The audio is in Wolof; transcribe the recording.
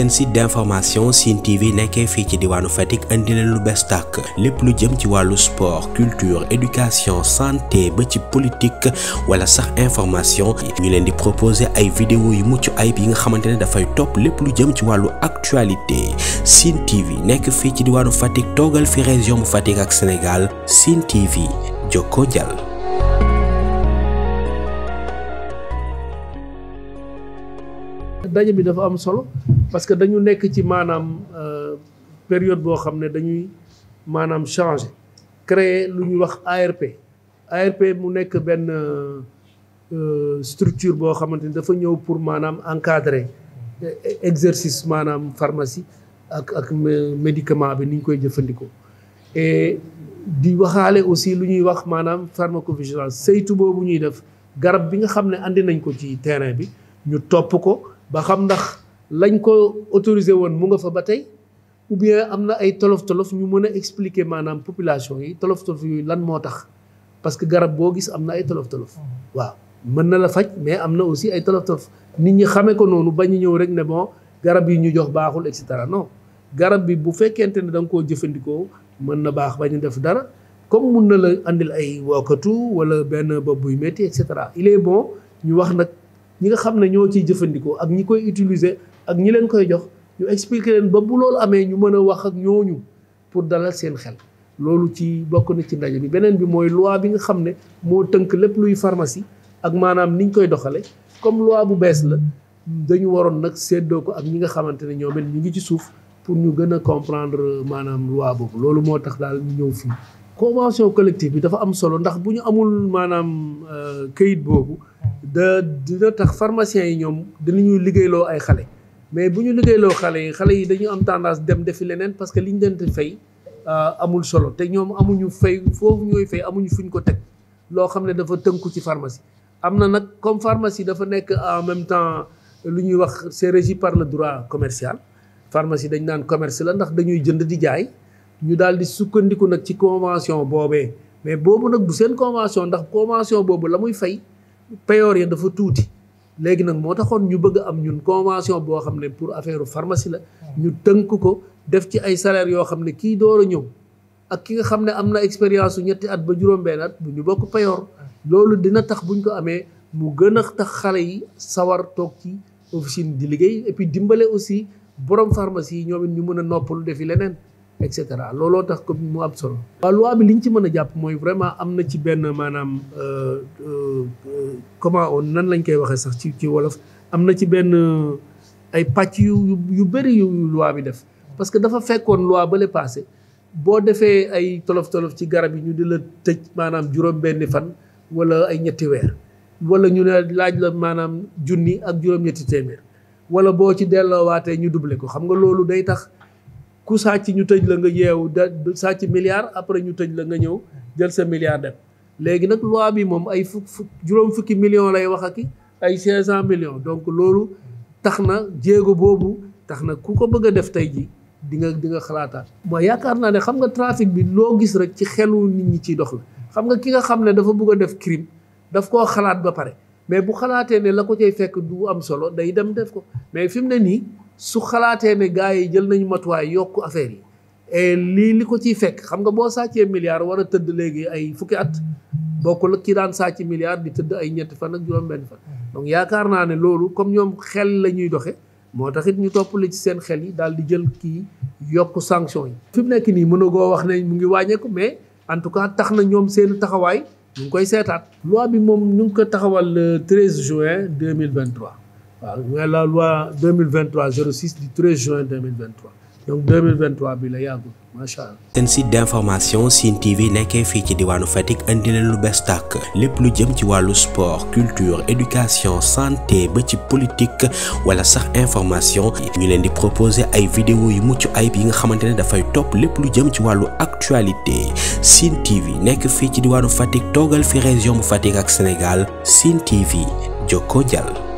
seen site d'information Sine TV nekkee fi ci diwanu fatik andi leen lu bees tàkk lépp lu jëm ci walu sport culture éducation santé ba ci politique wala sax information ñu leen di proposer ay vidéo yu mucc ay bi nga xamantene da fay top lepp lu jëm ci walu actualité Sine TV nek fi ci diwanu fatik togal fi région bu fatik ak Sénégal Sine TV joko dial daje bi dafa am solo parce que dañu nekk ci maanaam euh, période boo xam ne dañuy maanaam changé créer lu ñuy wax ARP ARP mu nekk benn euh, euh, structure boo xamante ni dafa ñëw pour maanaam encadrer e-, exercice maanaam pharmacie ak ak médicament bi ni ñu koy jëfandikoo e di waxaale aussi lu ñuy wax maanaam pharmacovigilance saytu boobu ñuy def garab bi nga xam ne andi nañ ko ci terrain bi ñu topp ko ba xam ndax lañ ko autorisé woon mu nga fa ba tey ou bien am na ay tolof-tolof ñu mën a expliquer maanaam population yi tolof-tolof yooyu lan moo tax parce que garab boo gis am na ay tolof-tolof mm-hmm. waaw mën na la faj mais am na aussi ay tolof-tolof nit ñi xamee ko noonu bañ ñëw rek ne bon garab yi ñu jox baaxul et cetera non garab bi bu fekkente ne da nga koo jëfandikoo mën na baax ba ñu def dara comme mun na la andil ay wokkatu wala benn bopp buy métti et cetera il bon ñu wax nag ñi nga xam ne ñoo ciy jëfandikoo ak ñi koy utiliser ak ñi leen koy jox ñu expliquer leen ba bu loolu amee ñu mën a wax ak ñooñu pour dalal seen xel loolu ci bokk na ci ndaje bi beneen bi mooy loi bi nga xam ne moo tënk lépp luy pharmacie ak maanaam niñ koy doxale comme loi bu bees la dañu waroon nag séddoo ko ak ñi nga xamante ne ñoom it ñu ngi ci suuf pour ñu gën a comprendre maanaam loi boobu loolu moo tax daal ñu ñëw fii convention collective bi dafa am solo ndax bu ñu amul maanaam euh, këyit boobu da tax pharmaciens yi ñoom dinañuy liggéeyloo ay xale mais bu ñu loo xale yi xale yi dañu am tendance dem defi leneen parce que li ñu leen di fay euh, amul solo te ñoom amuñu fay foofu ñooy fay amuñu fuñ ko teg loo xam ne dafa tënku ci pharmacie. am na nag comme dafa nekk en même temps lu ñuy wax c'est par le droit commercial pharmacie dañ naan commerce la ndax dañuy jënd di jaay ñu daal di sukkandiku nag ci convention boobee mais boobu nag bu seen convention ndax convention boobu la muy fay payoor ya dafa tuuti. léegi nag moo taxoon ñu bëgg am ñun convention boo xam ne pour affaire pharmacie la ñu tënk ko def ci ay salaire yoo xam ne kii door a ñëw ak ki nga xam ne am na expérience su ñetti at ba juróom-benn at bu ñu bokk payoor loolu dina tax buñ ko amee mu gën a tax xale yi sawar toog ci officine di liggéey et puis dimbale aussi borom pharmacie yi ñoom it ñu mën a nopp lu def defi leneen et cetera looloo tax ko mu am solo. waaw loi bi li ñu ci mën a jàpp mooy vraiment am na ci benn maanaam euh, euh, comment on nan lañ koy waxee sax ci ci wolof am na ci benn euh, ay pàcc yu yu bëri yu loi bi def. parce que dafa fekkoon loi ba le boo defee ay tolof tolof ci garab yi ñu di la tëj maanaam juróom-benni fan wala ay ñetti weer wala ñu ne laaj la maanaam junni ak juróom-ñetti téeméer wala boo ci delloowaatee ñu duble ko xam nga loolu day tax. ku sàcc ñu tëj la nga yeewu da sàcc milliard après ñu tëj la nga ñëw jël sa milliard dem léegi nag loi bi moom ay fukk fukk juróom fukki millions lay wax ak ay cinq cent millions donc loolu tax na jéego boobu tax na ku ko bëgg a def tey ji di nga di nga xalaataat mooy yaakaar naa ne xam nga trafic bi loo gis rek ci xelu nit ñi ciy dox la xam nga ki nga xam ne dafa bëgg a def crime daf koo xalaat ba pare mais bu xalaatee ne la ko cay fekk du am solo day dem def su xalaatee ne gars yi jël nañu matuwaay yokk affaire yi et lii li ko ciy fekk xam nga boo sàccee milliard war a tëdd léegi ay fukki at bokkul ak ki daan sàcc milliard di tëdd ay ñetti fan ak juróom-benn fan. donc yaakaar naa ne loolu comme ñoom xel la ñuy doxe moo tax it ñu toppale ci seen xel yi daal di jël kii yokk sanction yi. fi mu nekk nii mën a goo wax ne mu ngi wàññeeku mais en tout cas tax na ñoom seen taxawaay mu ngi koy seetaat. loi bi moom ñu ngi ko taxawal le 13 juin 2023. la loi 2023-06 du 13 juin 2023 donc 2023 bi la machallah macha site d'information sin TV nek fi ci diwanu fatik andi leen lu bestak lepp lu jëm ci walu sport culture éducation santé ba ci politique wala sax information ñu len di proposer ay vidéo yu muccu ayib yi nga xamantene ne fay top lepp lu jëm ci walu actualité sin TV nek fi ci diwanu fatik togal fi région bu fatik ak Sénégal sin TV joko jàll.